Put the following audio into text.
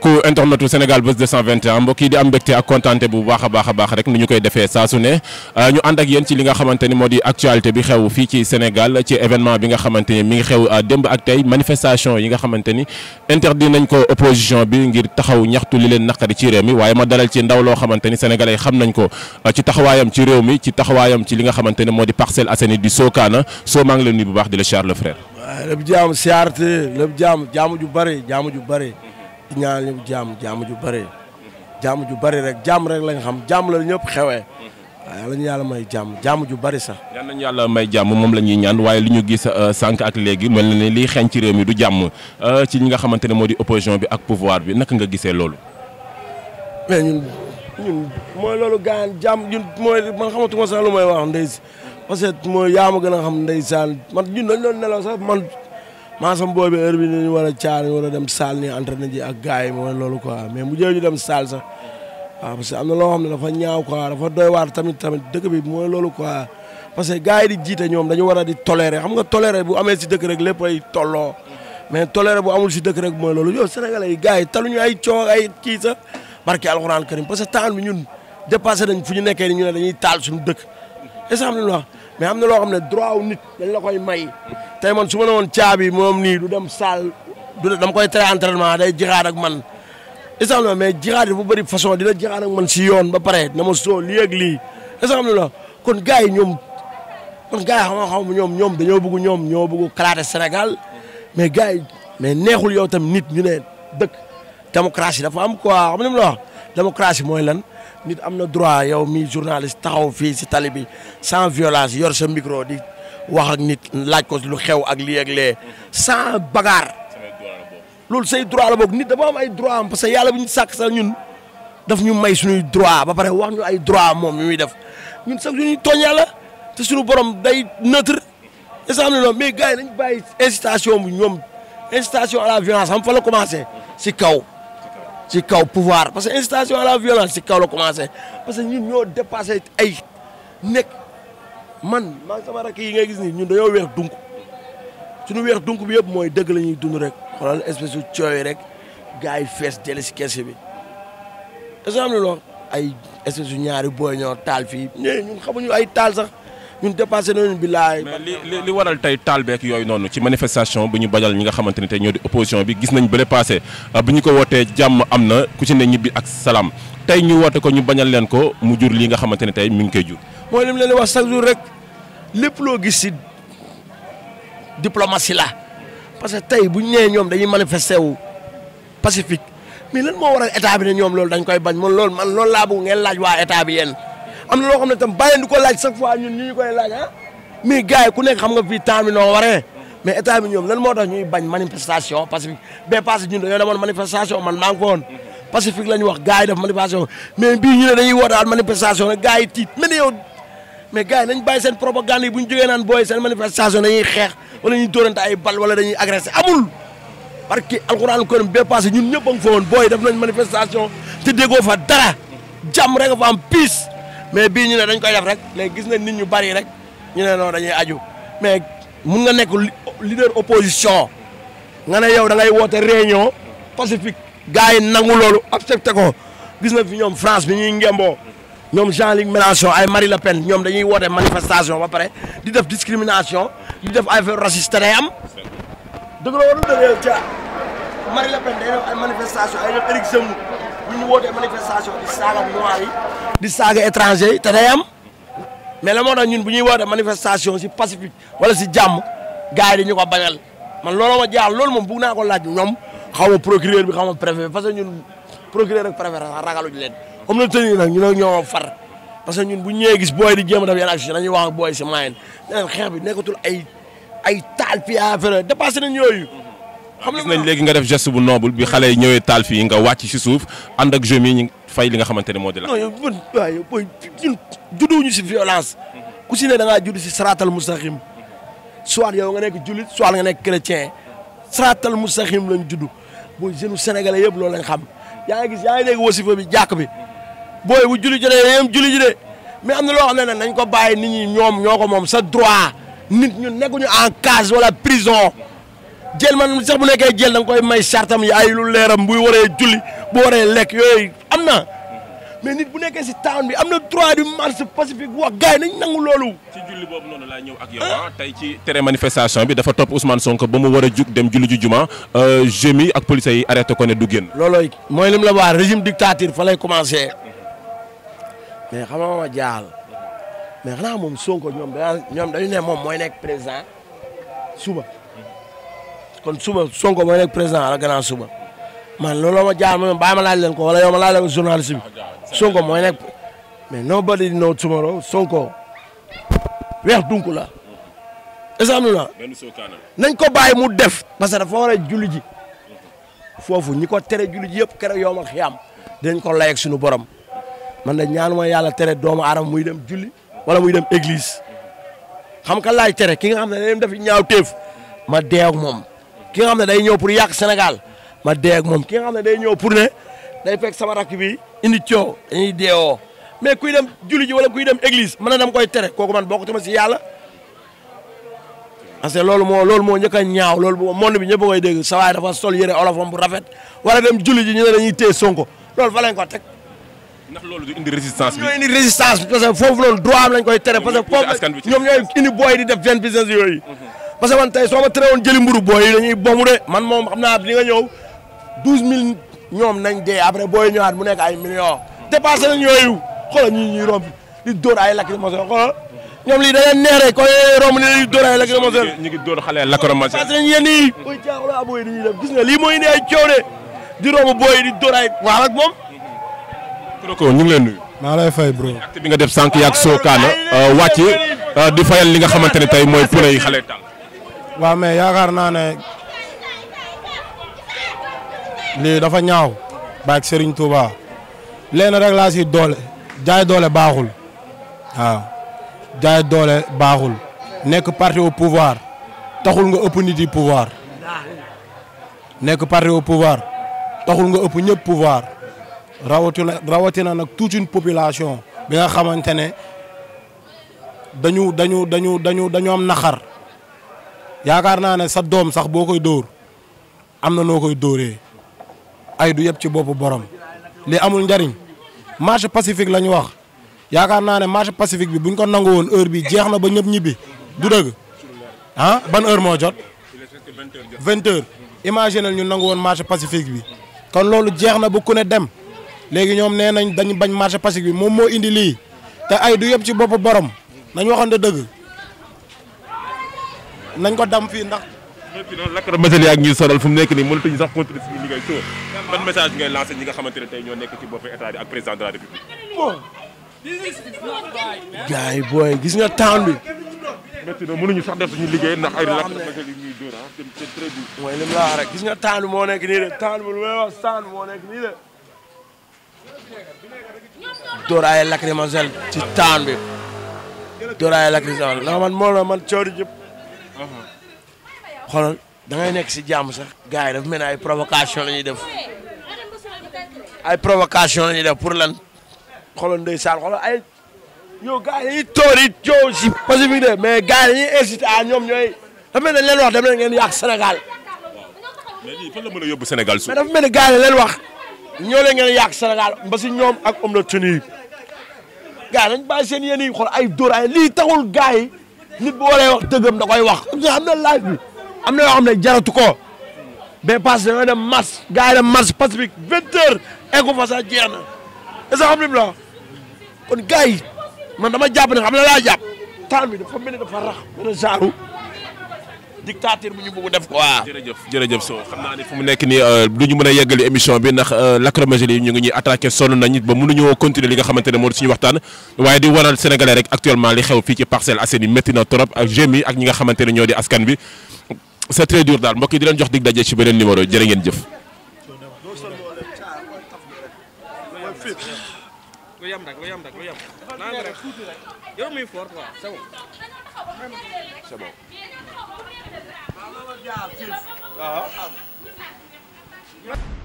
mbokku internetu Sénégal Buzz 221 mbokk yi di am mbégte ak kontaante bu baax a baax a baax rek ni ñu koy defee saa su ne euh, ñu ànd ak yéen ci li nga xamante ni moo di actualité bi xew fii ci Sénégal ci événement bi nga xamante ni mi ngi xew euh, démb ak tey manifestation yi nga xamante ni interdit nañ ko opposition bi ngir taxaw ñaxtu li leen naqari ci réew mi waaye ma dalal ci ndaw loo xamante ni xam nañ ko euh, ci taxawaayam ci réew mi ci taxawaayam ci li nga xamante ni moo di Parcelles Assainies di Sokana soo maa ngi la di ñaan ñëpp jaam jaam ju bëri jaam ju bari rek jaam rek lañ xam jaam la ñëpp xewee waaw yàlla yàlla may jàmm jàmm ju bari sax. yal nañu yàlla may jàmm moom la ñuy ñaan waaye li ñu gis euh, sànq ak léegi mel na ne liy xeeñ ci réew mi du jàmm euh, ci ñi nga xamante ne moo di opposition bi ak pouvoir bi naka nga gisee loolu. mais ñun ñun mooy loolu gaan jàmm ñun mooy man xamatuma sax lu may wax ndey parce ma man ñun dañu nelaw sax man. maa mboo booy bi heure bi ni ñu war a caar ñu a dem saal ni entraîné ji ak gars mooy loolu quoi mais mu jëw ñu dem saal sax waaw parce que am na loo xam doy waar tamit tamit dëkk bi mooy loolu quoi parce que gars yi di jiite ñoom dañu war a di toléré xam nga toléré bu amee si dëkk rek lépp ay tolloo mais toléré bu amul si dëkk rek mooy loolu yow sénégalais yi gars yi taluñu ay coow ay kii sax barke alxuraan karim parce que temps bi ñun dépassé nañ fu ñu nekkee ni ñu ne dañuy taal suñu dëkk est-ce que mais am na loo xam ne droit wu nit dañ la koy may tey man su ma ne woon caabi moom nii du dem saal du dam koy tere entraînement day jixaar man est-ce que mais jixaar yi bu bëri façon dina jixaar ak man si yoon ba pare na ma soo lii ak lii est-ce que kon gars yi ñoom kon gars yi xam nga xam ñoom ñoom dañoo bëgg ñoom ñoo bëgg kalaate Sénégal mais gars yi mais neexul yow tam nit ñu ne dëkk démocratie dafa am quoi xam nga li ma la wax mooy lan. nit am na droit yow mi journaliste taxaw fii si tali bi sans violence yor sa micro di wax ak nit laaj ko lu xew ak lii ak lee sans loolu say droit la bokk nit dafa am ay droit am parce yàlla bu ñu sàkk sax ñun daf ñu may suñuy droit ba pare wax ñu ay droit moom mi muy def ñun sax suñuy tooñ yàlla te suñu borom day neutre. est ce que mais gars yi dañu bàyyi incitation bu ñoom incitation à la violence xam fa la commencé si kaw. ci kaw pouvoir parce que incitation à la violence si kaw la commencé parce que ñun ñoo dépassé ay nekk man maa sama rakk yi ngay gis ni ñun dañoo weex dunk suñu weex dunk bi yëpp mooy dëgg la ñuy dund rek xoolal espèce su cooy rek gars yi fees deli si kese bi exemple loo ay espèce su ñaari booy ñoo taal fii ñee ñun xamuñu ay taal sax ñun dépassé nañu billaay. mais li li waral tey taalbeek yooyu noonu ci manifestation bi ñu bañal ñi nga xamante ne tey ñoo di opposition bi gis nañ bële passé ah, bu ñu ko wootee jàmm am na ku ci ne ñibbi ak salaam tey ñu woote ko ñu bañal leen ko mu jur lii nga xamante ne tey mi ngi koy jur. mooy li mu leen wax chaque jour rek lépp loo gis si diplomatie la parce que tey bu ñu nee ñoom dañuy manifesté wu pacifique mais lan moo waral état bi ne ñoom loolu dañ koy bañ man loolu man loolu laa bëgg ngeen laaj waa état bi am na loo xam ne ta bàyyi di ko laaj chaque fois ñun ñu ñu koy laaj ah mais gars ku nekk xam nga fii temps bi noo waree mais état bi ñoom lan bañ manifestation parce que bee passé ñun dañoo demoon manifestation man maa ngi ko woon pacifique la ñu wax gars yi def manifestation mais bii ñu ne dañuy wootaat manifestation nag gars yi tiit mel ni nañ bàyyi seen propagande yi bu ñu jógee naan booy seen manifestation dañuy xeex wala ñuy dóorante ay bal wala dañuy agressé amul parce ñëpp a ngi fa woon booy def nañ manifestation te mais bii ñu ne dañ koy def rek léegi gis nañ nit ñu bari rek ñu ne noonu dañuy aju mais mun nga nekk leader opposition nga ne yow da ngay woote réunion pacifique gars yi nangu loolu accepté ko gis na fi ñoom France bi ñuy ngemboo ñoom Jean-Luc Mélenchon ay mari Le Pen ñoom dañuy woote manifestation ba pare di def discrimination di def affaire raciste day am dëgg la warul dëgg yow ca Marie Pen day ay manifestation ay def Éric Zemmour bu ñu wootee di saaga noir yi di saaga étranger yi te day am mais la moo tax ñun bu ñuy wootee manifestation si pacifique wala si jàmm gars yi ñu ko bañal man looloo ma jaaxal loolu moom bugg naa ko laaj ñoom xaw ma procureur bi xaw ma préfet parce que ñun procureur ak préfet sax ragaluñu leen comme na tëni nag ñu ne ñoo far parce que ñun bu ñëwee gis booy di jéem a def yenn action dañuy wax ak booy si maayen neneen xeex bi nekkatul ay ay taal fi affaire dépassé nañ yooyu gis nañ léegi nga def gest bu noble bi xale yi ñëwee taal fii nga wàcc si suuf ànd ak jeunes fay li nga xamante ne moo di la. non yow man waaw yow booy ñun judduwuñu si violence. ku si ne da ngaa judd si saratal mustaqim soit yow nga nekk jullit soit nga nekk chrétien lañ judd booy jeune yëpp loolu lañ xam yaa ngi gis yaa ngi dégg bi jàkk bi booy bu julli juli yéen julli ji de mais am na loo xam ne nañ ko bàyyi nit ñi ñoom ñoo ko moom sa droit nit ñu nekkuñu en cage wala prison. jël man sax bu nekkee jël da koy may sartam yi ay lu leeram buy waree julli bu waree lekk yooyu am na mais nit bu nekkee si town bi am na droit du marche pacifique wax gars yi nangu loolu. ci julli boobu noonu laa ñëw ak yow. Ah, tey ci tere manifestation bi dafa topp Ousmane Sonko ba mu war a jug dem julli ju juma jeunes ak police yi arrêté ko ne du génn. loolooy mooy lim la wax régime dictature fa lay commencé mais xam nga ma jaal mais xanaa moom Sonko ñoom dañu ne moom mooy nekk président suba. kon suba Sonko mooy nekk président à la grand suba man loolu ma jaar ma bàyyi ma laaj leen ko wala yow ma laaj leen ko journaliste bi Sonko mooy nekk mais nobody know tomorrow Sonko weex dunk la est ce nañ ko bàyyi mu def parce foo dafa war a julli ji ñi ko tere julli ji yëpp kere yow ma xiyam dinañ ko lay ak suñu borom man ñaan ñaanuma yàlla tere doomu aadama muy dem julli wala muy dem église xam ka laay tere ki nga xam ne dañuy def ñaaw teef ma deew moom. ki nga xam ne day ñëw pour yàq Sénégal ma dee moom ki nga xam ne day ñëw pour ne day fekk sama rakk bi indi coow dañuy oo mais kuy dem julli ji wala kuy dem église mën na dama koy tere kooku man bokkutuma si yàlla. parce que loolu moo loolu moo njëkk a ñaaw loolu moom monde bi ñëpp a koy dégg sa waay dafa sol yëre olofam bu rafet wala dem julli ji ñu ne dañuy téye Sonko loolu fa lañ ko teg. ñoom ñooy indi booy di def seen business yooyu. Mhm. parce que man tey soo ma teree woon jëli mburu booy dañuy bomu de man moom xam naa di nga ñëw douze mille ñoom nañ dee après booy ñëwaat mu nekk ay millions. dépassé yooyu xoolal di dóor ay lakk a ñoom lii da leen neex rek kon ni ñuy dóor ay lakk mos a. ñu xale lakk mos ñii. booy jaaxlo abooy dañuy def lii mooy indi ay coow booy di dóor ay waaw moom. Kroko ñu ngi leen nuyu. maa lay fay bro. bi nga def sànq yaag sookaana uh, wàcc uh, di fayal li nga xamante ne tey mooy pune waaw mais yaakaar naa ne lii dafa ñaaw baak Serigne Touba leen rek laa si doole jaay doole baaxul waaw jaay doole baaxul nekk parti au pouvoir taxul nga ëpp nit yi pouvoir nekk parti au pouvoir taxul nga ëpp ñëpp pouvoir rawatina rawatina nag toute une population bi nga xamante ne dañu dañu dañu dañu dañu am naxar yaakaar naa ne sa doom sax boo koy dóor am na noo koy dóoree ay du yëpp ci boppu borom li amul njariñ marche pacifique la ñu wax yaakaar naa ne marche pacifique bi buñ ko nangu woon heure bi jeex na ba ñëpp ñibbi du dëgg ah ban heure moo jot vingt heures imaginel ñu nangu woon marche pacifique bi kon loolu jeex na ba ku ne dem léegi ñoom nee nañ dañu bañ marché pacifique bi moom moo indi lii te ay du yëpp ci bopp borom nañ waxante dëgg nañ ko dam fii ndax. lépp noonu lacrymogène yaa ngi ñuy sonal fu mu nekk nii mënatuñu sax continuer suñu liggéey ci ban message ngay lancer ñi nga xamante ne tey ñoo nekk ci bopp état bi ak président de la république. bon. booy gis nga temps bi. métti na mënuñu sax def suñu liggéey ndax ay lacrymogène yi ñuy dóor ah c'est très dur. mooy li wax rek nga temps bi moo nekk nii de temps bi lu may wax temps bi moo nekk nii de. dóor ay lacrymogène ci temps bi dóor ay lacrymogène ndax man moo la man coono xoolal da ngay nekk si jàmm sax gars yi dafa mel ne ay provocation la ñuy def ay provocation la ñuy def pour lan xoolal ndeysaan xoolal ay yow gars yi dañuy tóor yi coow si de mais gars yi dañuy incité à ñoom ñooy dafa mel ne leen wax dem ngeen yàq Sénégal. mais lii fan la a yóbbu Sénégal su. mais dafa mel ni gars yi leen wax ñoo leen ngeen yàq Sénégal ñoom ak homme de tenue yi gars yi dañ bàyyi ay dóor ay lii taxul nit bu waree wax dëggam da koy wax xam na laaj am na yoo am na jaratu ko mais parce que dañoo dem mars gars yi dem mars pacifique vingt heures fa sax jeex na est-ce lim la kon gars yi man dama jàpp ne xam la laa jàpp temps bi dafa mel ni dafa rax benn genre dictature bu ñu bëgg def ko waaw jërëjëf jërëjëf so xam naa ne mu nekk nii lu euh, ñu mën a yeggali émission bi ndax euh, lacrymogène yi ñu ngi ñuy attaqué sonn nañ ba mënuñoo continuer li nga xamante ne moo suñu waxtaan waaye di waral sénégalais rek actuellement li xew fii ci Parcelles Assainies métti na trop ak euh, gémi ak ñi nga xamante ne ñoo di askan bi c'est très dur daal mbokk yi di jox dig ci beneen numéro jërë ngeen jëf waaw